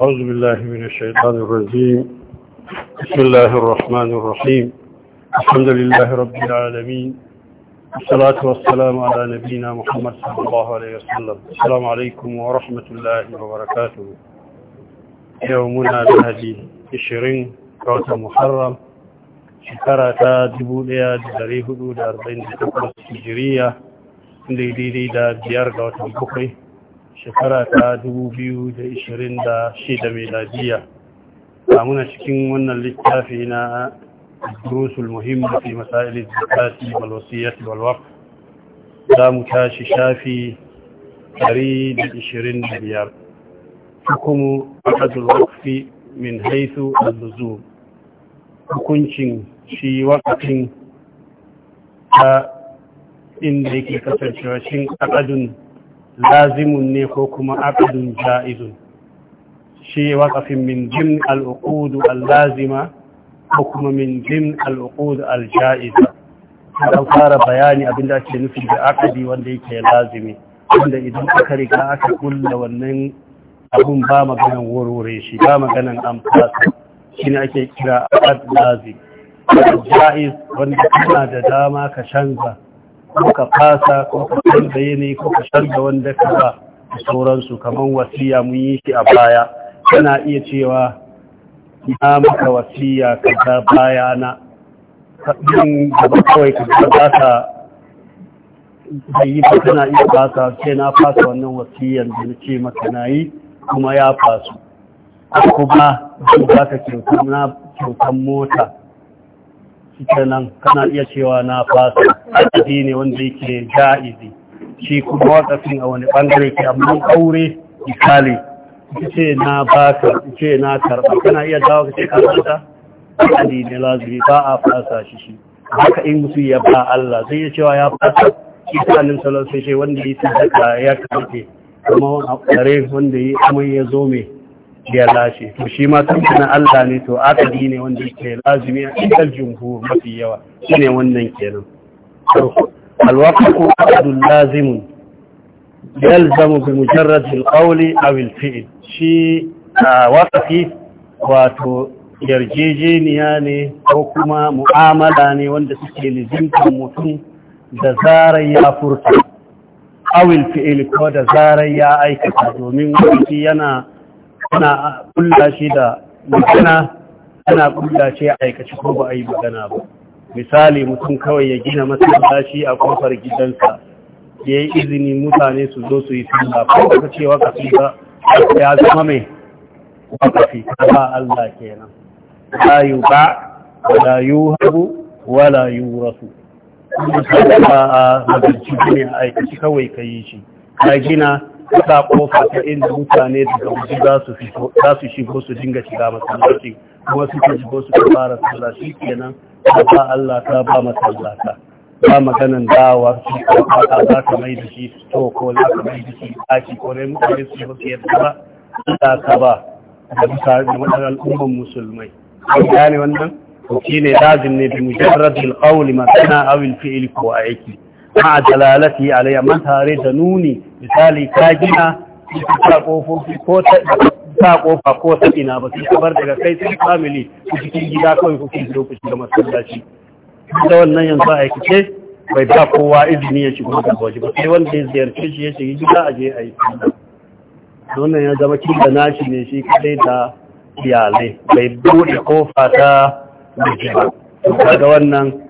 أعوذ بالله من الشيطان الرجيم بسم الله الرحمن الرحيم الحمد لله رب العالمين والصلاة والسلام على نبينا محمد صلى الله عليه وسلم السلام عليكم ورحمة الله وبركاته يومنا الهدي عشرين كوتا محرم شكرة دبولية دريه دولة أربعين تقوى السجرية ليدي دا ديار كوتا بخري shekara ta 2026 ba muna cikin wannan littafi na durusul muhimmi fi masailin zakati wal wasiyyati za mu tashi shafi 125 hukumu akadul waqfi min haythu al hukuncin shi waqfin ta inda yake kasancewa a akadun lazimun ne ko kuma aqdun ja'izun shi waqafin min jimn al-uqud al-lazima ko kuma min jimn al-uqud al-ja'iza an fara bayani abinda ake nufi da aqdi wanda yake lazimi wanda idan aka riga aka kulla wannan abun ba maganan warware shi ba maganan amfasa shi ne ake kira aqd lazim ja'iz wanda kana da dama ka canza ko ka fasa ko ka canza yanayi ko ka canza wanda ka ba da sauransu kamar wasiya mun yi shi a baya kana iya cewa na maka wasiya ka ta baya na yin gaba kawai ka ba ta da yi ba tana iya fasa ce na fasa wannan wasiyan da na ce maka na yi kuma ya fasu kuma ba ka kyautan mota kenan kana iya cewa na fasa adadi ne wanda yake ja'izi shi kuma wakafin a wani bangare ke amma aure misali ce na baka ce na karba kana iya dawo ka ce karanta adadi ne lazuri ba a fasa shi shi haka in su ya ba Allah zai iya cewa ya fasa isanin salon sai wanda ya sadaka ya karfe kuma a wanda yi amai ya zo mai ya lashe to shi ma tamkina Allah ne to akadi ne wanda yake lazimi a cikin jumhur mafi yawa shine wannan kenan alwaqtu aqdun lazimun yalzamu bi mujarrad alqawli aw alfi'l shi waqfi wato yarjejeniya ne ko kuma mu'amala ne wanda suke lizimtan mutum da zarar ya furta awil fi'il ko da zarar ya aikata domin wani yana ana kulla shi da magana ana kulla shi a aikace ko ba a yi magana ba misali mutum kawai ya gina masallaci a kofar gidansa ya yi izini mutane su zo su yi sallah ko ka ce wakafi ba ya zama mai wakafi ba Allah kenan la yuba wala yuhabu wala yurasu kuma ba a magance ne a aikace kawai ka yi shi ka gina ta kofa ta inda mutane daga wasu za su shigo su dinga shiga masallaci kuma su ke shigo su fara sallah shi kenan ta ba Allah ta ba masallaka ba maganan dawa shi ko fata za ka mai da shi to ko za ka mai da shi aki ko kore mutane su yi yadda ba za ka ba da mutane da wadannan al'umman musulmai an gane wannan to ne lazim ne bi mujarrad qawli ma kana awil fi'li ko aiki ma dalalati alayya man tare da nuni misali ka gina ta kofofi kofa ko ta ina ba sai kabar daga kai sai family su cikin gida kawai kuke zo ku shiga masallaci da wannan yanzu a yake bai ba kowa izini ya shiga da waje ba sai wanda ya ziyarce shi ya shiga gida a je a yi wannan ya zama kin da nashi ne shi kadai da iyalai bai bude kofa ta ba ga wannan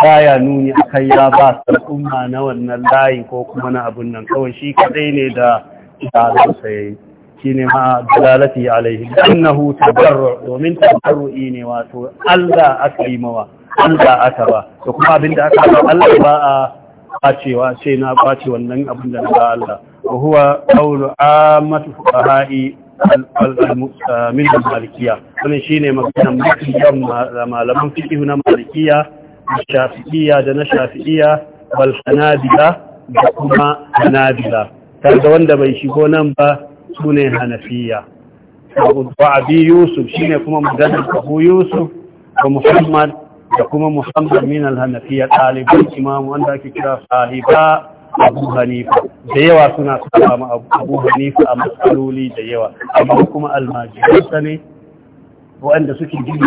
baya nuni akan ya ba al'umma na wannan layi ko kuma na abin nan kawai shi kadai ne da al'usa sai shi ne ma dalalati alaihi annahu tabarru domin tabarru'i ne wato Allah aka yi mawa Allah aka ba to kuma abin da aka ba Allah ba a kwacewa sai na kwace wannan abin da ba Allah wa huwa qawlu ammatu fuqaha'i al-mu'min al-malikiyya wannan shine maganar mafi malaman fiqh na malikiyya shafi'iyya da na shafi'iyya wal da kuma hanabila kaga wanda bai shigo nan ba sune hanafiya wa abi yusuf shine kuma maganar abu yusuf da muhammad da kuma muhammad min al-hanafiya ɗaliban imam wanda ake kira sahiba abu hanifa da yawa suna ma abu hanifa a matsaloli da yawa amma kuma almajiransa ne waɗanda suke jin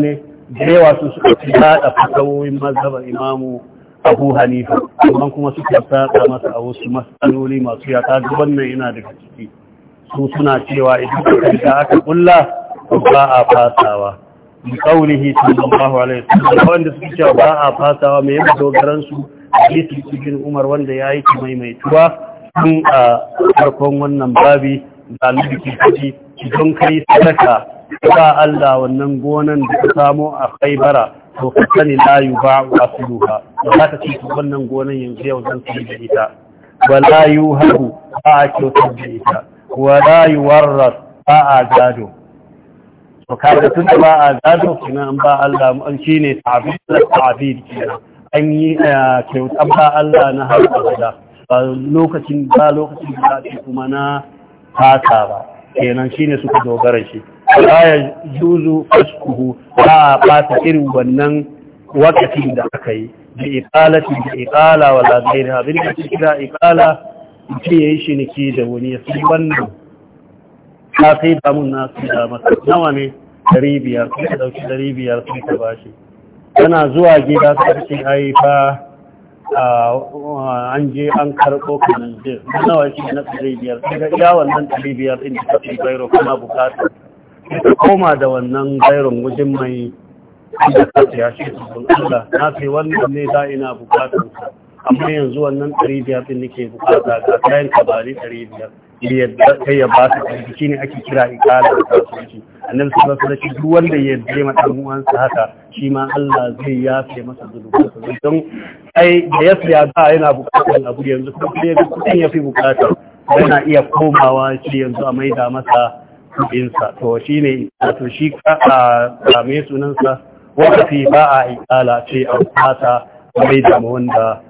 ne da sun su suka fi yada fasawoyin mazhabar imamu abu hanifa amma kuma suka saka masa a wasu matsaloli masu yata duk wannan yana daga ciki su suna cewa idan aka riga aka kulla ba a fasawa bi qawlihi sallallahu alaihi wasallam wanda suke cewa ba a fasawa mai yadda dogaran su hadisi cikin Umar wanda yayi mai mai tuwa tun a farkon wannan babi da Annabi ke idan kai sadaka ba Allah wannan gonan da ka samo a Khaibara to ka sani la ba za ka ci wannan gonan yanzu yau zan kai da ita wala yuhabu ba a kyautar da ita ba a gado to tun ba a gado kina an ba Allah an shine ta'bid ta'bid kenan an yi eh, ba Allah na har abada ba lokacin ba lokacin da kuma na fata ba kenan shine suka dogara shi ya juzu faskuhu ba a ɓata irin wannan wakati da aka yi da ikalati da ikala wa labarai abin da ke kira ikala ce ya yi niki da wani ya sai wannan ta sai damun na su da masa nawa ne dari biyar Kuma ka ɗauki dari biyar sun ta ba shi yana zuwa gida su ce ai fa an je an karɓo kanan jir nawa shi na dari biyar sai ga iya wannan dari biyar ɗin da ta fi bairo kuma bukatar ka koma da wannan gairun wajen mai da ka ya ce tsoron Allah na ce wannan ne da ina bukatar amma yanzu wannan ɗari biyar ɗin nake bukata ga kayan kabari ɗari biyar yadda kai ya ba su ɗari ne ake kira ikala da kasuwanci annabi sallallahu alaihi duk wanda ya je ma haka shi ma Allah zai yafe masa zulubansa don ai da ya siya ba yana bukatar abu yanzu kuma kuɗin ya fi bukata yana iya komawa shi yanzu a maida masa ɗinsa to shi ne wato shi ka a mai sunansa wakafi ba a ikala ce a fata mai da wanda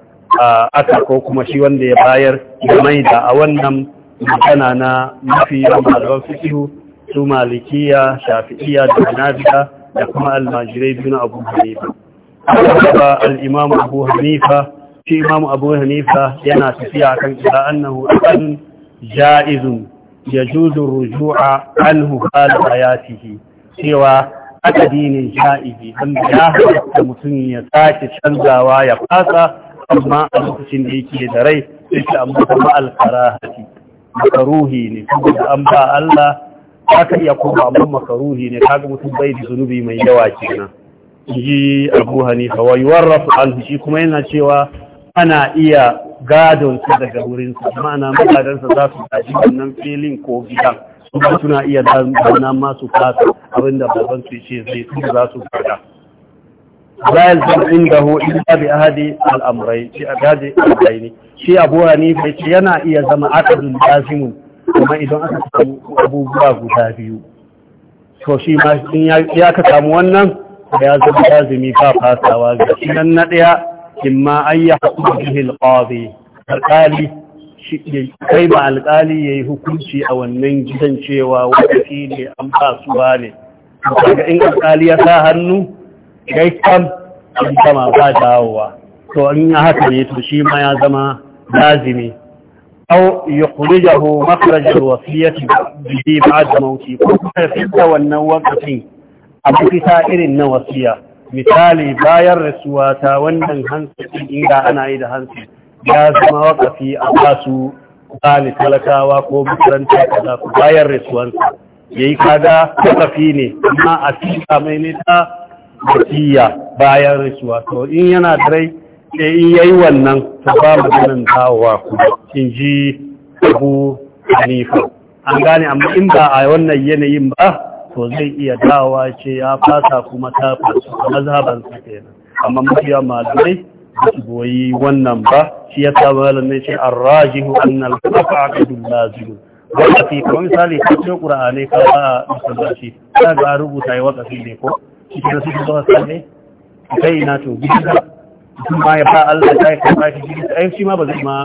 aka ko kuma shi wanda ya bayar ya mai da a wannan magana na mafi yawan malaman fikihu su malikiya shafi'iya da hanabiya da kuma almajirai biyu na abu hanifa ba al'imamu abu hanifa shi imamu abu hanifa yana tafiya kan ila annahu akan ja'izun yajuzu ruju'a anhu ya hayatihi cewa akadi ne ja'ibi wanda ya halatta mutum ya sake canzawa ya fasa amma a lokacin da yake da rai sai ta amma kuma alkarahati makaruhi ne saboda an ba Allah ka iya kuma amma makaruhi ne kaga mutum bai da zunubi mai yawa kenan ji Abu Hanifa wa yuwarrafu anhu shi kuma yana cewa ana iya gadonsu daga wurinsa ma'ana magadansa za su gaji wannan filin ko gidan kuma suna iya zana masu fata abinda baban su ce zai su za su gada la inda ho inda bi ahadi al-amrayn shi agadi al'amurai ne. shi abu bai ce yana iya zama akadun lazimun kuma idan aka samu abubuwa guda biyu to shi ma in ya ka samu wannan ya zama lazimi ba fasawa ga shi nan na daya imma an yi hukunci alƙazi alƙali kai ma alƙali ya yi hukunci a wannan gidan cewa wakati ne an ba su ba ne daga in alƙali ya sa hannu kai kam an kama ba to haka ne to shi ma ya zama lazimi أو يخرجه مخرج الوصية به بعد موتي كنت في الدوى النوى أبو في النوصية misali bayan rasuwa ta wannan hansu inda ana yi da hansu ya zama wakafi a basu tsali talakawa ko makaranta za ku bayan rasuwansa ya yi kada wakafi ne amma a kamai ne ta matiya bayan rasuwa to in yana da rai sai in yayi wannan ta ba maganin dawowa ku in ji abu hanifa an gane amma in ba a wannan yanayin ba to zai iya dawa ce ya fasa kuma ta fasu mazhaban su nan amma mafiya malamai da su goyi wannan ba shi ya sa malamai ce an hu an alfafa a kadun lazimu wanda fi kuma misali ta ce ƙura'anai ka ba a masallaci ta ga rubuta yi wakafi ne ko shi ke su zuwa sane kai ina to gida sun ma ya fa Allah ta yi kafa shi gida yi shi ma ba zai ma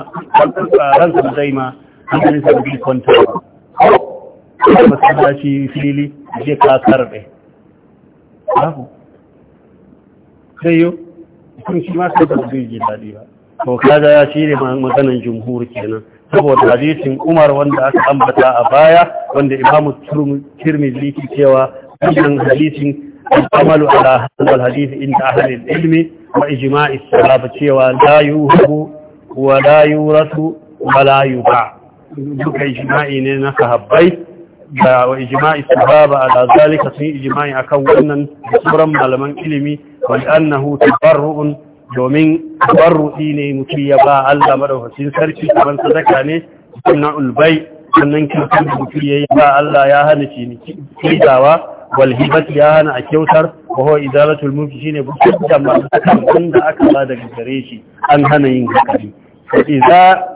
ransa ba zai ma hankalin sa bai kwanta ba masallaci fili je ka karbe babu sai kun shi ma sai da zai ji daɗi ba to kaga ya shi ne maganan jumhur kenan saboda hadisin Umar wanda aka ambata a baya wanda Imam Tirmidhi ke cewa wannan hadisin amalu ala hadal hadith inda ahli ilmi wa ijma'i sahaba cewa la yuhu wa la yurasu wa la yuba duka ijma'i ne na sahabbai da wa ijma'i sababa ala zalika sun ijma'i akan wannan sauran malaman ilimi wal annahu tabarru'un domin tabarru'i ne mutum ya ba Allah madaukakin sarki kamar sadaka ne sunna ulbai sannan kirkin da mutum ya ba Allah ya hana ciniki kidawa wal hibat ya hana a kyautar wa huwa izalatul mulki shine bukutan masu kan da aka ba daga gare shi an hana yin hakari fa idza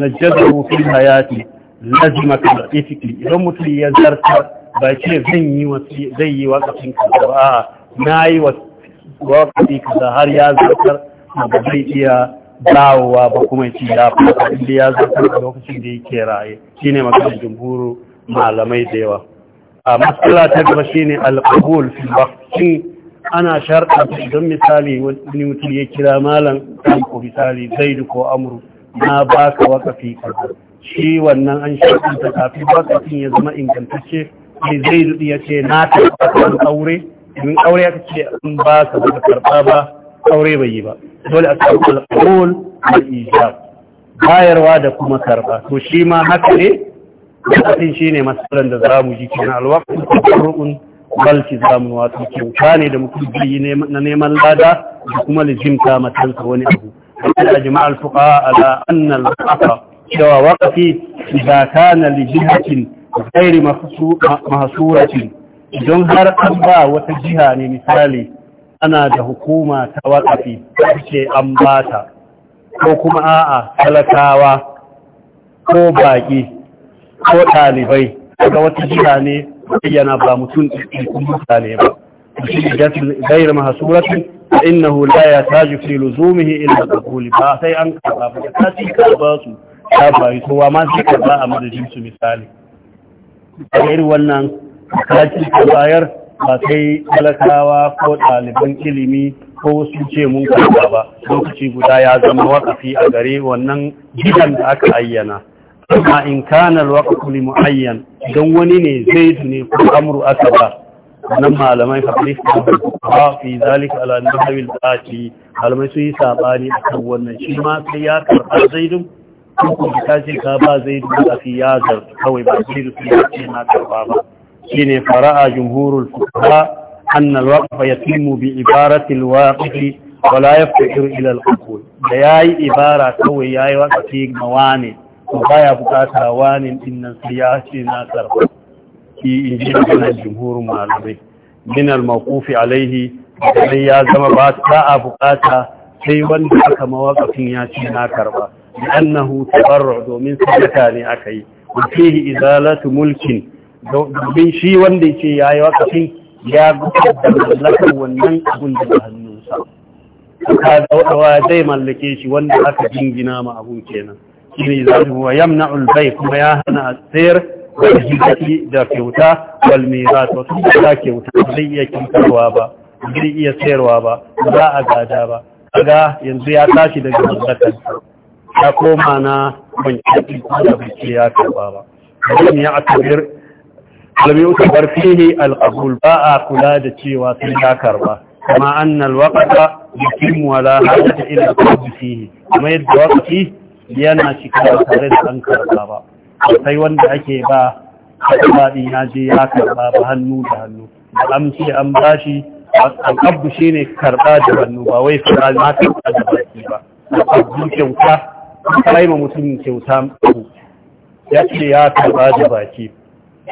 najjazahu fil lazima ka idan mutum ya zartar ba ce zan yi wasu zai yi wakafin kaza ba na yi wakafi kaza har ya zartar ba zai iya dawowa ba kuma ci ya fata inda ya zartar a lokacin da yake raye shine maganar jumhuru malamai da yawa a matsala ta gaba shine fi ba ana sharɗa don misali wani mutum ya kira malam ko misali zaidu ko amru na ba ka wakafi shi wannan an shaɗanta kafin wakafin ya zama ingantacce ne zai rudi ya ce na da aure in aure ya ce an ba ka baka karɓa ba aure bai yi ba dole a samu alƙawul da ijab bayarwa da kuma karba to shi ma haka ne wakafin shi ne matsalar da za mu ji kenan alwakafin balki balci zamu wato kyauta ne da mutum zai na neman lada da kuma lijimta matansa wani abu وقد أجمع a على أن الوقف سوى وقف إذا كان لجهة غير محصورة don har an ba wata jiha ne misali ana da hukuma ta waƙafi ce an bata ko kuma a'a talakawa ko baƙi ko ɗalibai daga wata jiha ne yana ba mutum ɗin mutane ba shi da gairar mahasuratin فإنه لا يحتاج في لزومه إلى الدخول فأتي أن كذا فكتاتي كذا سو كذا هو ما زي كذا أمر misali. مثالي غير wannan kaci ka bayar ba sai talakawa ko ɗaliban ilimi ko su ce mun karɓa ba lokaci guda ya zama wakafi a gare wannan gidan da aka ayyana amma in kana alwaqfu li muayyan don wani ne zai ne ko amru aka ba nan malamai fabrik na ba fi zalik alamun hawil da ake halmai su yi sabani a kan wannan shi ma sai ya karɓar zaidun kun kuma ta ce ka ba zaidun da fi ya zartu kawai ba zaidu su ce na karɓa ba shi ne fara'a jumhurul fuka an na wakafa ya timu bi ibaratil waƙi wala ya fi'ir ilal hukul da ya yi ibara kawai ya yi wakafi na wane ko ba ya buƙatar wane ɗin nan sai ya ce na karɓa haƙƙi in ji maganar jimhurin malamai min al-mawqufi alaihi sai ya zama ba a buƙata sai wanda aka mawaqafin ya ce na karba annahu tabarru domin sadaka ne aka yi fihi izalatu mulkin domin shi wanda yake yayi waqafin ya gudanar da mallakar wannan abun da hannunsa ka dawa zai mallake shi wanda aka jingina ma abun kenan shine izalatu wa yamna'ul bay kuma ya hana tsayar wal hibati da kyauta wal miras wato da kyauta zai iya kyautarwa ba zai iya sayarwa ba za a gada ba kaga yanzu ya tashi daga mallakar ya koma na kwanciyar ko da bai ya karba ba mutum ya akabir alam yutabar fihi al-qabul ba a kula da cewa sun ya karba kama annal waqta yutim wala hajata da qabul fihi kuma yadda waqti yana cika tare da an karba ba sai wanda ake ba faɗi ya je ya karɓa ba hannu da hannu da amshi an bashi al'abdu shi ne karɓa da hannu ba wai fara na karɓa da baki ba al'abdu kyauta kai ma mutum kyauta ya ce ya karɓa da baki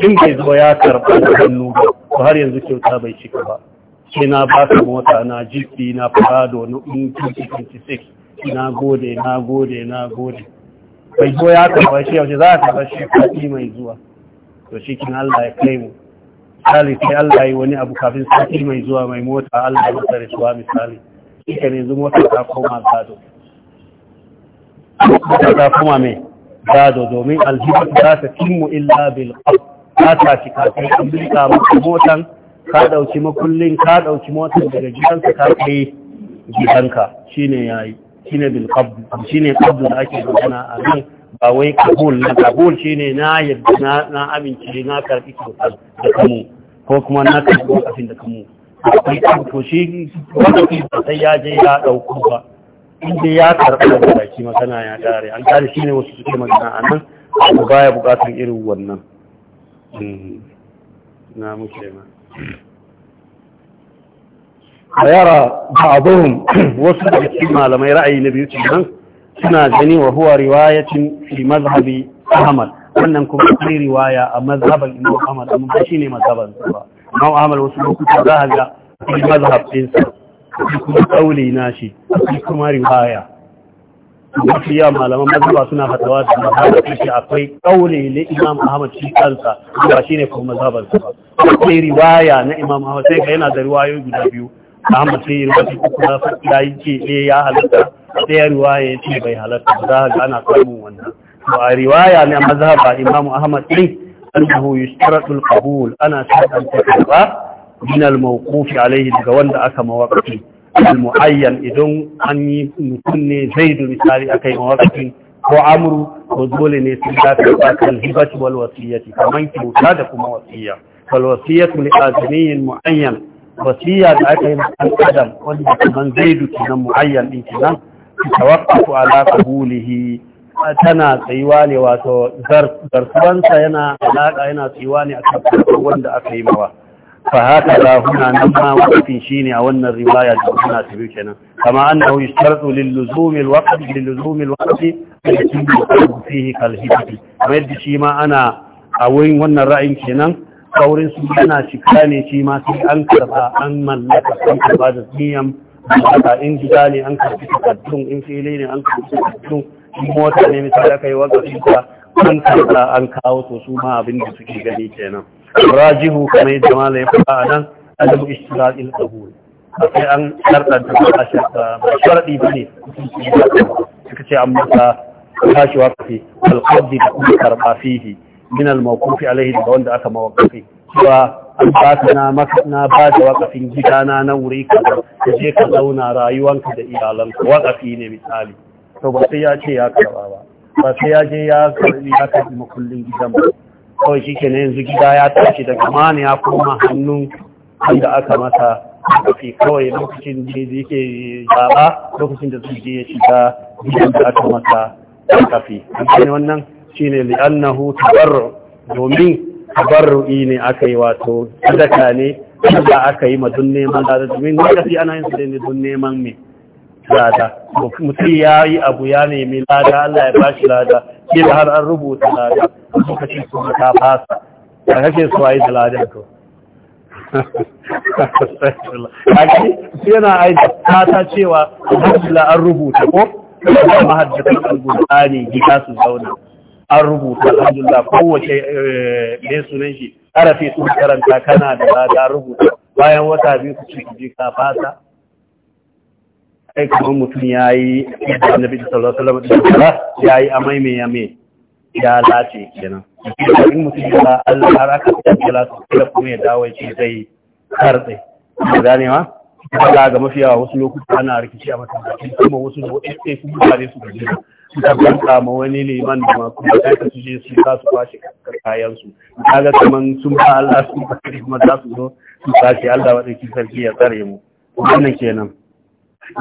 in bai zo ya karɓa da hannu ba ko har yanzu kyauta bai cika ba sai na ba ka mota na jiki na fado na 26, na gode na gode na gode bai zo ya karɓa shi yaushe za a karɓa shi sati mai zuwa to shi kin Allah ya kai mu misali sai Allah yi wani abu kafin sati mai zuwa mai mota Allah ya masa suwa misali shi ka ne zuwa mota ta koma gado mota ta koma mai gado domin aljihar za ta cimmu illa bil qab ta ta ci kafin an bilka maka motan ka ɗauki makullin ka ɗauki motan daga gidansa, ka kai gidanka shine yi. shine bil qabd shine kabdu da ake magana a nan ba wai kabul na kabul shine na yadda na amince na karfi kyautar da kamu ko kuma na karbi kafin da kamu akwai to shi wanda ke sai ya je ya dauko ba inda ya karbi da baki magana ya dare an dare shine wasu suke magana a nan ba ya buƙatar irin wannan hmm. na muke ma a yara ba abuhun wasu daga cikin malamai ra'ayi na biyu kenan suna gani wa huwa riwayatin fi mazhabi ahmad wannan kuma akwai riwaya a mazhaban imam ahmad amma ba shine mazhaban sa ba imam ahmad wasu lokuta za a ga fi mazhab din sa kuma kauli na shi kuma riwaya mafi yawa malaman mazhaba suna fatawa da mazhaba shi akwai kauli na imam ahmad shi kansa ba shine kuma mazhaban sa ba akwai riwaya na imam ahmad sai ga yana da riwayoyi guda biyu Ahmad sai yi wata kuma ya yi ce ɗaya eh, ya halatta riwaya ya ce bai halatta ba za ga ana samun wannan to a riwaya na mazhaba Imam Ahmad din annahu yushtaratu al-qabul ana shatan ta min al-mawquf alayhi daga wanda aka mawaqi al-muayyan idan an yi mutum ne zaid misali akai mawaqi ko amru ko dole ne sun da ta kan hibati wal wasiyati kaman kyauta da kuma wasiya wal wasiyatu li ajniyin muayyan wasiya da aka yi ɗan adam wanda kaman zaidu nan mu'ayyan din nan. tawaqqatu ala qabulihi tana tsayuwa ne wato zartuwansa yana alaƙa yana tsayuwa ne a kan wanda aka yi mawa fa haka da huna nan ma wakafin shi ne a wannan riwaya da suna tafi kenan kama an na wuyi sharɗu lilluzumil wakafi lilluzumil wakafi da cikin da fihi kalhiti kamar yadda shi ma ana a wurin wannan ra'ayin kenan saurin su yana cika ne shi ma sai an karba an mallaka an karba da tsiyan mallaka in gida ne an karbi takardun in fili ne an karbi takardun in mota ne misali aka yi wakafin ta an karba an kawo to su ma abin da suke gani kenan rajihu kamar yadda mala ya faɗa a nan adabu ishtira'il qabul sai an sharɗa da ba sharɗi ba ne suka ce an masa tashi wakafi alƙabdi da kuma karɓa fihi min al-mawqufi alaihi da wanda aka mawaqafi cewa an baka na maka na ba da wakafin gidana na wuri ka ka je ka zauna rayuwanka da iyalanka wakafi ne misali to ba sai ya ce ya karba ba ba sai ya je ya karbi ya karbi makullin gidan ba kawai shi na yanzu gida ya tashi daga mana ya koma hannun wanda aka masa wakafi kawai lokacin da yake zaɓa lokacin da zai je ya shiga gidan da aka masa wakafi an wannan shine li'annahu tabarru domin tabarru ne aka yi wato sadaka ne da aka yi ma neman da domin lokaci ana yin su ne don neman me lada mutum ya yi abu ya nemi lada Allah ya ba shi lada da har an rubuta lada lokaci su ta fasa da kake su a yi da lada to Aki, yana aiki ta ta cewa alhamdulillah an rubuta ko? Kuma mahaddatan al-Qur'ani gida su zauna. an rubuta alhamdulillah kowace ne eh, sunan shi harafi sun karanta kana da lada rubuta bayan wata biyu su ciki ji ka fata kai kuma mutum ya yi da annabi sallallahu alaihi wasallam ya yi amai mai yame ya lace kenan in mutum ya Allah har aka tabbata su kuma ya dawo shi zai karbe ganewa ga ga mafiya wasu lokuta ana rikici a matakin kuma wasu da wasu sai su mutane su gaji da banka ma wani liman da ma kuma sai ka je su ka su kwashe kayan su kaga kaman sun ba Allah su ba kuma za su zo su kwashe Allah wadaki sarki ya tsare mu wannan kenan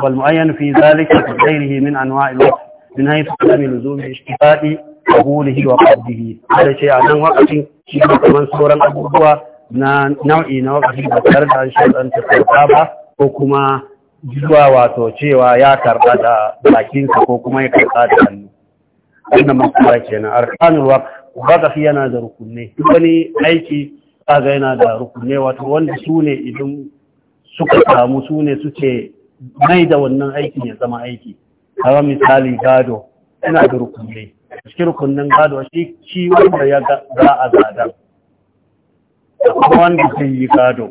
wal mu'ayyan fi zalika ka ghairihi min anwa'il waqt min haythu kami luzum ishtifaqi qabulihi wa qaddihi kada ce a nan wakatin shi ne kaman sauran abubuwa na nau'i na wakatin ba tare da an shaɗanta ba ko kuma zuwa wato cewa ya karba da bakinsa ko kuma ya karba da hannu wannan matsala kenan arkanul baka fi yana da rukunne duk wani aiki ga yana da rukunne wato wanda su ne idan suka samu su ne suke mai da wannan aiki ya zama aiki Kama misali gado yana da rukunne cikin rukunnan gado shi shi wanda ya za a gada wanda zai yi gado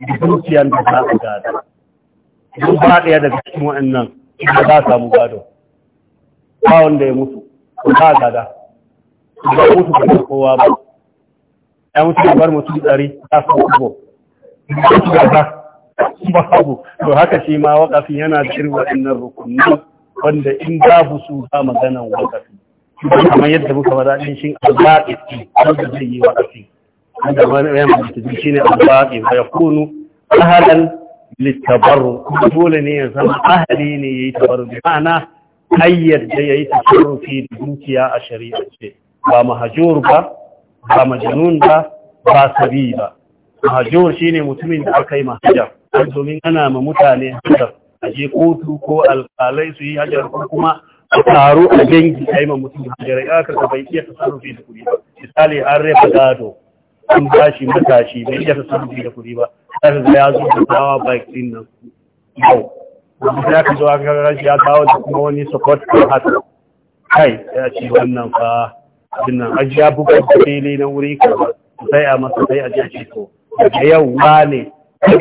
da dukiyar da za a gada don ba ɗaya daga cikin wa'annan da za samu gado ba wanda ya mutu ba gada ba mutu ba kowa ba ya mutu da bar mutu tsari ta samu kubo mutu da ba babu to haka shi ma waƙafi yana da irin wa'annan rukunni wanda in babu su ba maganan waƙafi kamar yadda muka faɗa din shi al-baqi wanda zai yi waƙafi wanda wani ya mutu shi ne al-baqi ya kunu ahalan littabaru dole ne ya zama ahali ne ya yi tabaru da mana hayyar da ya yi tasarrufi da dukiya a shari'a ce ba mahajur ba ba majanun ba ba sabi ba mahajur shine mutumin da aka yi mahajar domin ana ma mutane hajar a je kotu ko alkalai su yi hajar ko kuma a taru a dangi a yi ma mutum hajar ya karka bai iya tasarrufi da kuɗi ba misali an rafa gado an bashi matashi bai iya tasarrufi da kuɗi ba za ka ya zo da tawa bakin nan yau wanda ya ka zo aka rashi ya tawo da kuma wani support ko hata kai ya ce wannan fa dinnan aji ya na wuri ka sai a sai a ce to yau wane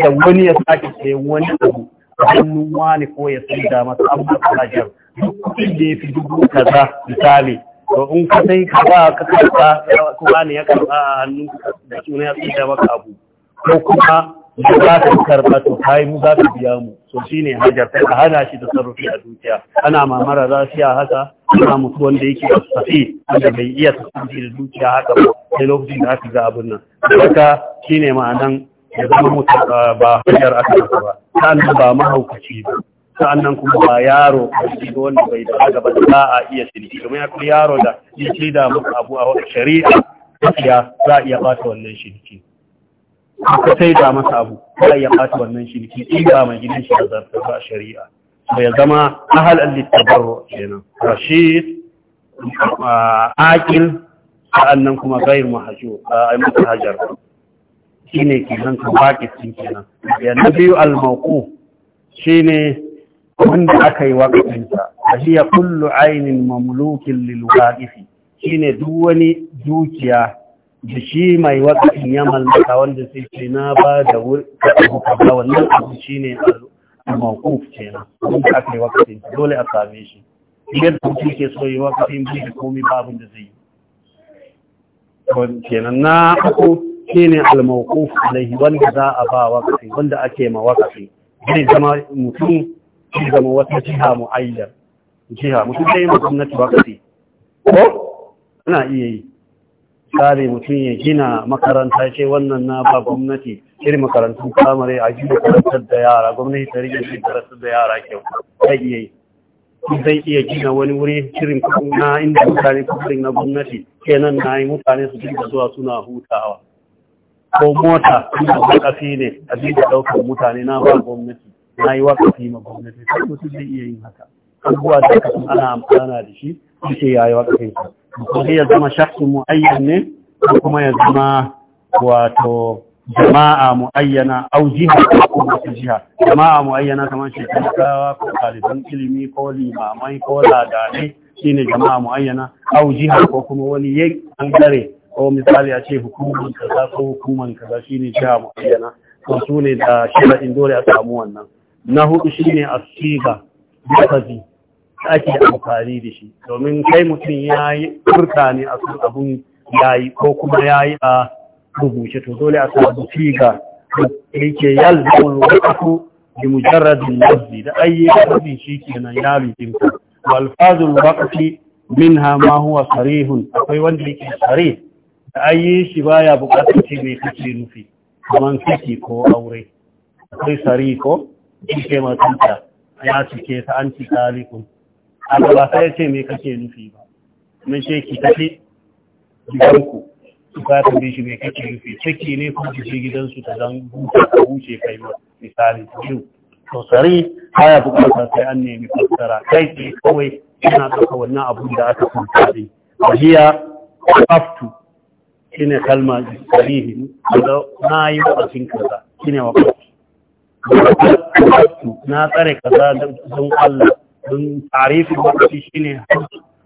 da wani ya sake sai wani abu hannun wani ko ya sai da masa an masa lajiyar duk kuɗin da ya fi dubu kaza misali to in ka sai ka ba ka karɓa ya karɓa a hannu, suna maka abu ko kuma mu za ka karɓa to kai mu za ka biya mu so ne hajar sai a hana shi da sarrafi a dukiya ana mamara za su ya haka ana mutu wanda yake da safi wanda bai iya tasarrufi da dukiya haka ba sai lokacin da aka ga abin nan haka shine ma'anan ya zama mutu ba hajar aka masa ba sannan ba mahaukaci ba nan kuma ba yaro shi ga wanda bai da haka ba za a iya kuma domin kuma yaro da ya shirya muku abu a shari'a gaskiya za a iya bata wannan shirki ka sai da masa abu kai ya fata wannan shi ne. in ba mai gidan shi da zartar ba shari'a ba ya zama ahal al-tabarru kenan rashid aqil sa'annan kuma gair mahajur ai mutahajar shine nan ka baki cin kenan ya nabiyu al shi shine wanda aka yi wakafinsa a ya kullu ainin mamlukin lil waqifi shine duk wani dukiya da shi mai in ya malmaka wanda sai ce na ba da abu kaza wannan abu shi ne a makuf ce na abin da aka yi wakafin dole a same shi idan da mutum ke so yi wakafin bai da komi babu da zai yi kenan na uku shi ne almakuf alaihi wanda za a ba wakafin wanda ake ma wakafin zai zama mutum shi zama wata jiha mu'ayyar jiha mutum zai yi ma gwamnati wakafi ko ana iya yi tsari mutum ya gina makaranta ce wannan na ba gwamnati iri makarantun samare a gina karantar da yara gwamnati ta rike shi karantar da yara kyau ta iya yi zai iya gina wani wuri shirin na inda mutane kusurin na gwamnati kenan na yi mutane su dinga zuwa suna hutawa ko mota inda wakafi ne a dinga ɗaukar mutane na ba gwamnati na yi wakafi ma gwamnati sai mutum zai iya yin haka abubuwa da ana amfana da shi shi ya yi wakafin ko ya zama shakhsu muayyan ne ko kuma ya zama wato jama'a muayyana au ko wata jiha jama'a muayyana kamar shekarawa ko ɗaliban ilimi ko limamai ko ladane shine jama'a muayyana au jiha ko kuma wani yanki an ko misali a ce hukumar kaza ko hukumar kaza shine jiha muayyana to su ne da shirin dole a samu wannan na hudu shine asiba lafazi ake amfani da shi domin kai mutum ya yi furta ne a sun abun ya yi ko kuma ya yi a rubuce to dole a samu figa yake yalzamun wakafu bi mujarradin nazi da ayyukan rufin shi kenan ya lujinka walfazul wakafi minha ma huwa sarihun akwai wanda yake sarih da ayi shi baya bukatar ce mai kace nufi kaman fiki ko aure akwai sarih ko shi ke matanta ya cike ta an ci amma ba sai ce me kake nufi ba mun ce ki tafi gidanku su ka tambaye shi me kake nufi ciki ne ko ki gidansu ta zan buka ka wuce kai ma misali biyu to sare haya bukatar sai an nemi fassara kai ce kawai ina ɗauka wannan abun da aka kunta ne wahiya aftu shine kalma sarihi da na yi wakasin kaza shine wakasin na tsare kaza don Allah don tarifin lokaci shi ne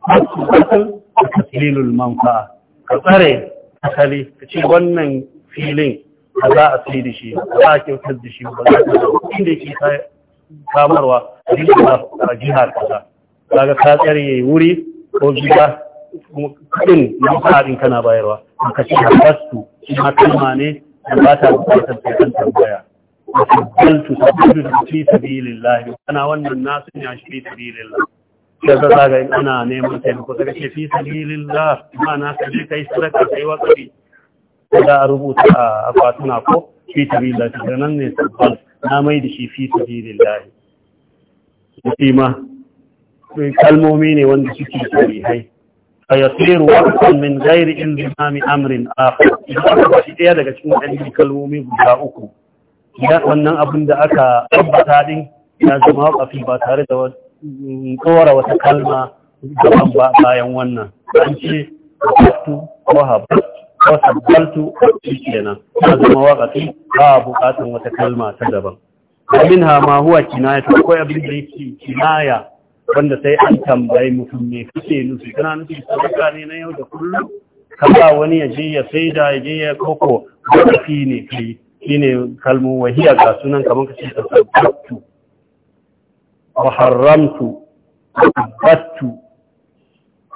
hasu kasar a tasililul manfa ka tsare asali ka ce wannan filin ba za a sai da shi ba za a kyautar da shi ba za a inda yake samarwa a jihar kasa kaga ka tsare wuri ko gida kudin na kana bayarwa ka ce shi ne da ba bukatar sai tambaya sabbaltu sabbaltu fi sabilillah ana wannan nasu ne shi fi sabilillah sai ka zaga in ana neman taimako sai kace fi sabilillah mana na je kai sadaka kai wakari da rubuta a akwatuna ko fi sabilillah nan ne sabbal na mai da shi fi sabilillah kima eh, kalmomi ne wanda suke sahihai فيصير وقتا من غير انضمام امر اخر اذا daya daga cikin ɗan kalmomi guda uku wannan abin da aka tabbata din ya zama wakafi ba tare da mm, tsora wata kalma gaban ba bayan wannan an ce wasu ko haɓar ko sabbaltu kenan ya zama wakafi ba a bukatan wata kalma ta daban abin ha ma huwa kinaya ta akwai abin da yake kinaya wanda sai an tambayi mutum ne kake nufi kana nufi sadaka ne na yau da kullum ka wani ya je ya saida ya je ya koko wakafi ne kai ne kalmu wahiya ga sunan kamar ka ce tasabbattu wa haramtu tasabbattu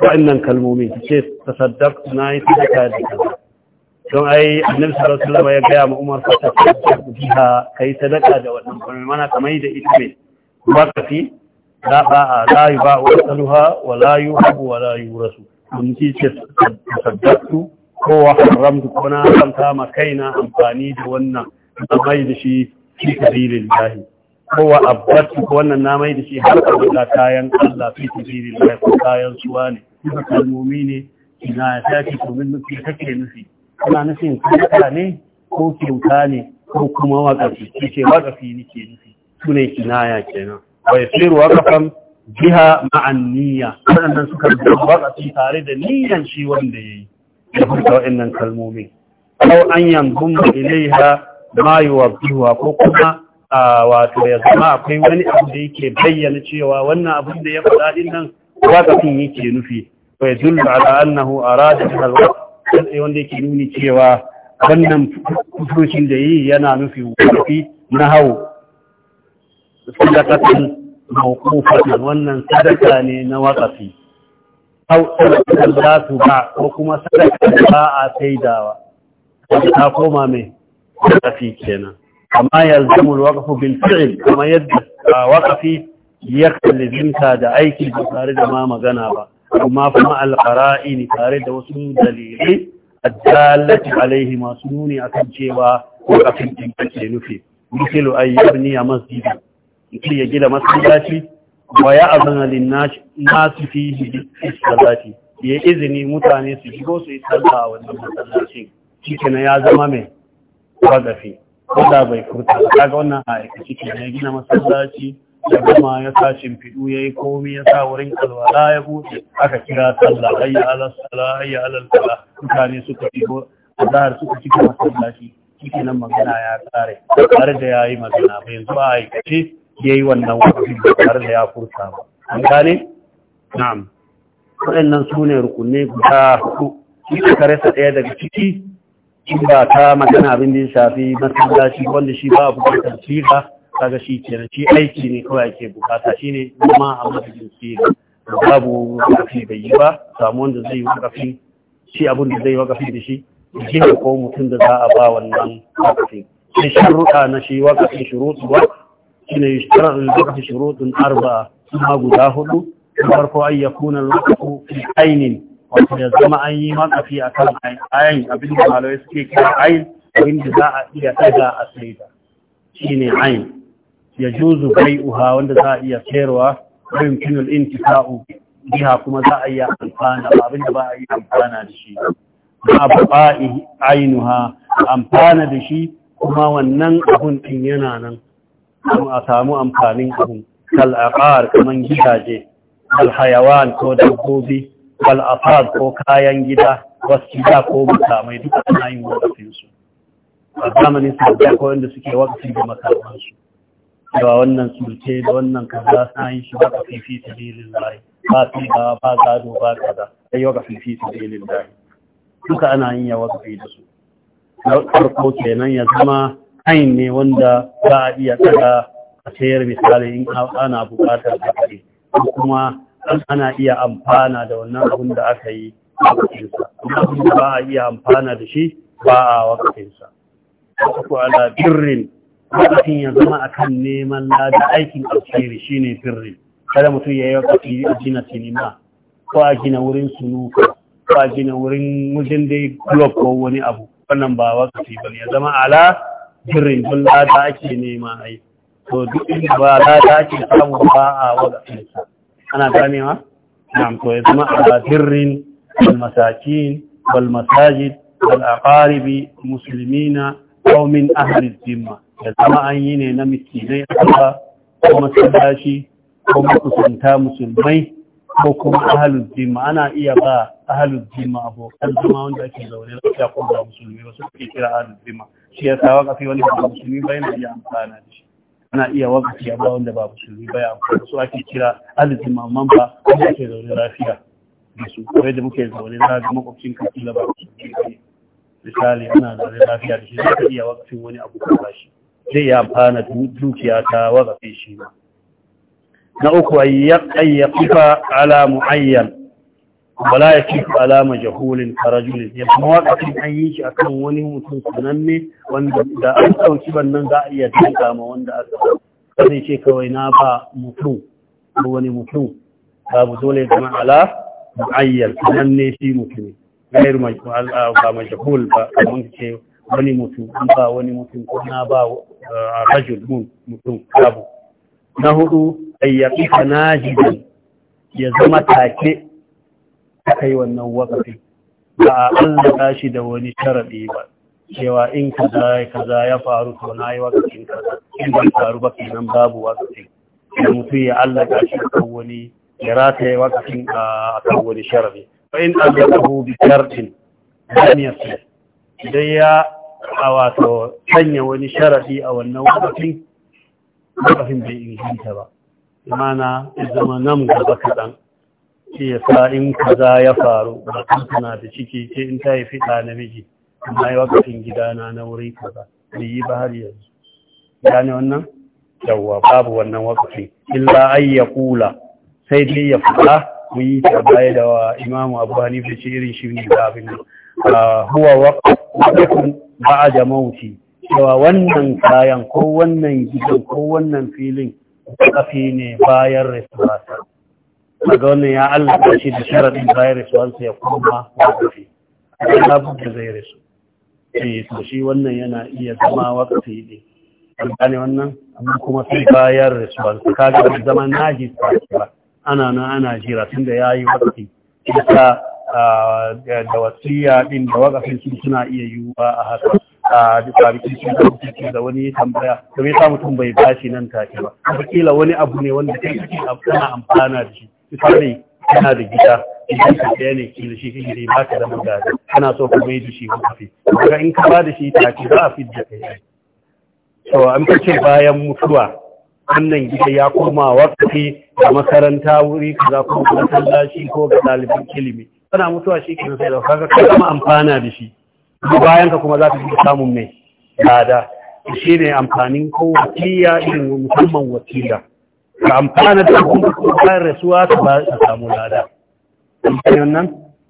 wa'annan kalmomin ki ce tasaddaqtu na yi sadaka da kaza don ai annabi sallallahu alaihi ya gaya ma Umar fa tasaddaqtu biha kai sadaka da wannan kuma mana kamar da ita ne ba ka fi la ba a la yuba wa saluha wa la yuhabu wa la yurasu mun ce tasaddaqtu kowa haramta ko na haramta ma kaina amfani da wannan na mai da shi fi sabilin lahi kowa abbatu ko wannan na mai da shi har abada kayan Allah fi sabilin lahi ko kayan suwa ne kalmomi ne ina ya ce min nufi kake nufi kana nufin kuka ne ko kyauta ne ko kuma wakafi ce wakafi nake nufi su ne kinaya kenan wa yasiru wakafan jiha ma'an niyya waɗannan suka wakafi tare da niyyan shi wanda yayi ya furta wa'annan kalmomi aw an yanzu ilai ilaiha ma yuwaddiha ko kuma a wato ya zama akwai wani abu da yake bayyana cewa wannan abin da ya faɗa din nan wakafin yake nufi wa yadullu ala annahu arada al wanda yake nuni cewa wannan kusurcin da yi yana nufi wakafi na hau sadakatan mawqufatan wannan sadaka ne na wakafi auɗaɗin za su ba ko kuma sadaka da ba a saidawa wanda ta koma mai wakafi kenan amma yanzu mun wakafu bil kuma yadda wakafi ya kallizinta da aiki ba tare da ma magana ba amma kuma ne tare da wasu dalilai addalati alaihi masu nuni akan cewa wakafin din kake nufi misalu ayyabni a masjidi mutum ya gina masallaci wa ya azana linnashi nasu fi hijji ya izini mutane su shigo su yi tsarka a wannan masallacin shi na ya zama mai wazafi ko da bai furta ba kaga wannan a aikaci na ya gina masallaci da gama ya sa shimfiɗu ya yi komi ya sa wurin alwala ya buɗe aka kira tsalla ayya alasala sala alalala mutane sala mutane suka a zahar suka cika masallaci shi nan magana ya tsare tare da yayi magana ba yanzu a aikace ya yi wannan wani tare da ya furta ba an gane? na'am waɗannan su ne rukunne guda hudu shi ka rasa ɗaya daga ciki in ba ta magana abin da ya shafi masallaci wanda shi ba a bukatar siga kaga shi kenan shi aiki ne kawai ake bukata shi ne kuma a shi ga babu wakafi bai yi ba samu wanda zai yi wakafi shi abin da zai yi wakafi da shi jihar ko mutum da za a ba wannan wakafi sai ruka na shi wakafin shuru ba shi ne shirar al-bakashi shurutun arba suna guda hudu farko an ya kuna lokaku fi ainin wato ya zama an yi matsafi a kan ayin abin da malawai suke kira ayin abin da za a iya daga a saida shi ne ayin ya juzu bai uha wanda za a iya sayarwa yin kinul intifa'u biha kuma za a iya amfana abin da ba a yi amfana da shi ba ba ainiha amfana da shi kuma wannan abun din yana nan kuma a samu amfanin abin kal'aqar kamar gidaje kal ko dabbobi kal ko kayan gida wasu gida ko makamai duka ana yin wakafin a zamanin sabbin ko wanda suke wakafin da makamansu su wannan sulke da wannan kaza suna yin shi wakafi fi sabilin layi ba tsibawa ba gado ba kaza sai wakafi fi sabilin layi duka ana yin ya wakafi da su na farko kenan ya zama ain ne wanda za a iya tsada a sayar misali in ana buƙatar haƙari kuma ana iya amfana da wannan abin da aka yi a amma abin da ba a iya amfana da shi ba a ta ko ala birrin wakilin ya zama a kan neman lada aikin alkhairi ne birrin kada mutum ya yi wakati a gina sinima ko a gina wurin sunuka ko a gina wurin wajen dai club ko wani abu wannan ba wakilin ba ya zama ala irin tun lada ake nema ai to duk inda ba lada ake samu ba a wadatarsa ana ganewa na to ya zama a birnin walmasakin walmasajid walakaribi musulmina kaumin ahalin jimma ya zama an yi ne na miskinai a ko masallaci, ko kuma musulmai ko kuma ahalul jima ana iya ba ahalul jima kan zama wanda ake zaune lafiya ko ba musulmi su suke kira ahalul jima shi ya sa fi wani ba musulmi ba yana iya amfana da shi ana iya wakafi shi ba wanda ba musulmi ba ya amfana su ake kira ahalul jima man ba wanda ake zaune lafiya da su kawai da muke zaune za ga makwabcin kafila ba musulmi ba misali ana zaune lafiya da shi zai iya wakafin wani abu ba shi zai iya amfana dukiya ta wakafe shi ba na uku an yaqifa ala muayyan wala ya fi ala majahulin karajulin ya kuma wakafin an yi shi akan wani mutum sananne wanda da an ɗauki bannan za a iya dinka ma wanda aka zai ce kawai na ba mutum ko wani mutum babu dole ya zama ala mu'ayyar sananne shi mutum gairu ba majahul ba kamar ce wani mutum an ba wani mutum ko na ba a eh, rajul mutum babu na hudu ayyaki ka nahidan ya zama take aka yi wannan wakafi ba a allaka shi da wani sharaɗi ba cewa in kaza kaza ya faru to na yi wakafin kaza in ba faru ba kenan babu wakafin da mutum ya allaka shi kan wani ya ya wakafin a kan wani sharaɗi Ba in allakahu bi shartin lam yasir idan ya a wato sanya wani sharaɗi a wannan wakafin wakafin bai inganta ba mana zama nan gaba kaɗan ce ya sa in kaza ya faru ba na da ciki ce in ta haifi na namiji amma yi wakafin gidana na wuri kaza da yi ba har yanzu gane wannan yawwa babu wannan wakafi illa ai ya kula sai dai ya faɗa. mu yi ta baya da wa imamu abu hanifa ce irin shi ne da abin da ah, huwa wakafin ba a jama'uti cewa wannan kayan ko wannan gidan ko wannan filin wakafi ne bayan restaurator daga wannan ya allaka shi da sharaɗin bayan restaurator ya koma wakafi ya labar da zai resu eh to shi wannan yana iya zama wakafi ne an gane wannan amma kuma sai bayan ka kaga bai zama naji ba ana nan ana jira tun da ya yi wakafi ita ah, da wasiya din da wakafin su suna iya yiwuwa a haka a bisa rikicin da da wani tambaya da bai sa mutum bai bashi nan take ba kila wani abu ne wanda kai kake kana amfana da shi misali kana da gida idan ka ɗaya ne ki da shi kake da ba ka da gari. kana so ka mai da shi ko kafi daga in ka ba da shi take za a fidda kai to an kace bayan mutuwa wannan gida ya koma wakati da makaranta wuri kaza ko masallaci ko ga ɗaliban kilimi. kana mutuwa shi ke sai da kaga kana amfana da shi bayan ka kuma za ka fi samun mai lada shi ne amfanin ko wakiliya irin musamman wakiliya ka amfana da kuma bayan rasuwa ta ba a samu lada amfanin nan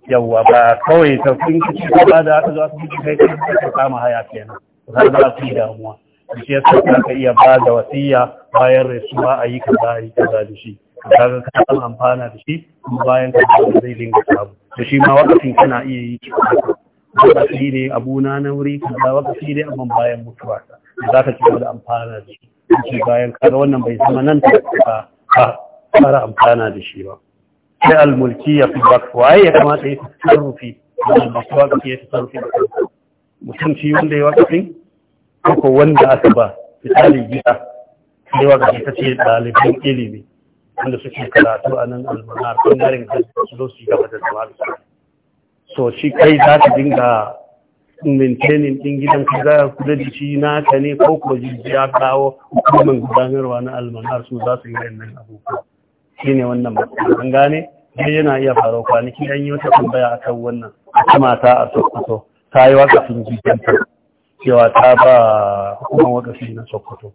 yawwa ba kawai ta kun kici ta ba da aka zo aka fi kai ka kama haya kenan za ka fi damuwa shi ya sa ka iya ba da wasiya bayan rasuwa a yi kaza a yi kaza da shi kaga ka san amfana da shi kuma bayan ka zai dinga samu da shi ma wakafin kana iya yi wakafi ne abuna na wuri kaza wakafi ne amma bayan mutuwa da za ka ci da amfana da shi ce bayan kaga wannan bai zama nan ta ka fara amfana da shi ba sai almulki ya fi wakf waye ya kamata ya tasarrufi wannan da shi wakafi ya tasarrufi da kansa mutum shi wanda ya fi? ko wanda aka ba misali gida sai wakafi ta ce ɗalibin ilimi wanda suke karatu a nan almanar ɓangaren da su zo su yi gaba da zama da su So shi kai za su dinga maintaining din gidan ka za ku da shi naka ne ko ko ya kawo hukumar gudanarwa na almanar su za su yi wannan abubuwa shi ne wannan an gane sai yana iya faruwa kwanaki an yi wata tambaya a kan wannan a ta a sokoto ta yi wakafin gidanta cewa ta ba hukumar shi na sokoto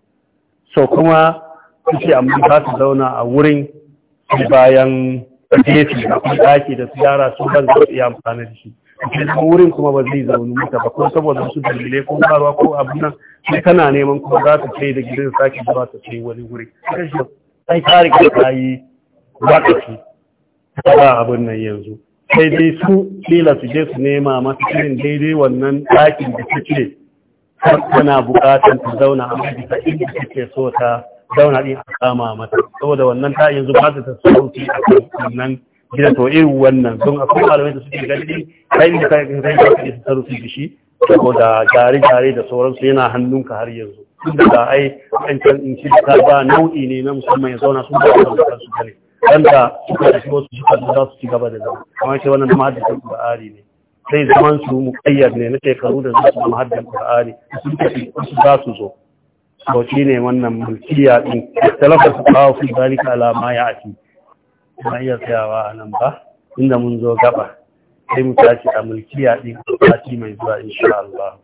so kuma ce amma za su zauna a wurin bayan gefe akwai ɗaki da su yara su ban zai iya amfani da shi sai kuma wurin kuma ba zai zaune mata ba ko saboda wasu dalilai ko barwa ko abin nan sai kana neman kuma za ta kai da gidan sake zuwa ta kai wani wuri sai ka riga ka yi wakafi ba abin nan yanzu sai dai su kila su je su nema masu irin daidai wannan ɗakin da take tana buƙatar ta zauna a bisa inda take so ta Zauna din a kama mata saboda wannan ta yanzu ba ta sauki a wannan gida to irin wannan don akwai malamai da suke gani kai da kai kai da yi su tarufi da shi saboda gare gare da sauransu yana hannunka har yanzu inda da ai an can in shi ta ba nau'i ne na musamman ya zauna sun ba da kansu kare wanda suka da shi wasu suka za su ci gaba da zama amma shi wannan mahaddisin Qur'ani ne sai zaman su muqayyad ne na shekaru da su mahaddisin Qur'ani su suka su za su zo to ne wannan mulki ya ɗin talafar su kawo fi zalika alama ya ake ba iya tsayawa a nan ba inda mun zo gaba sai mu tashi a ya ɗin a mai zuwa insha Allah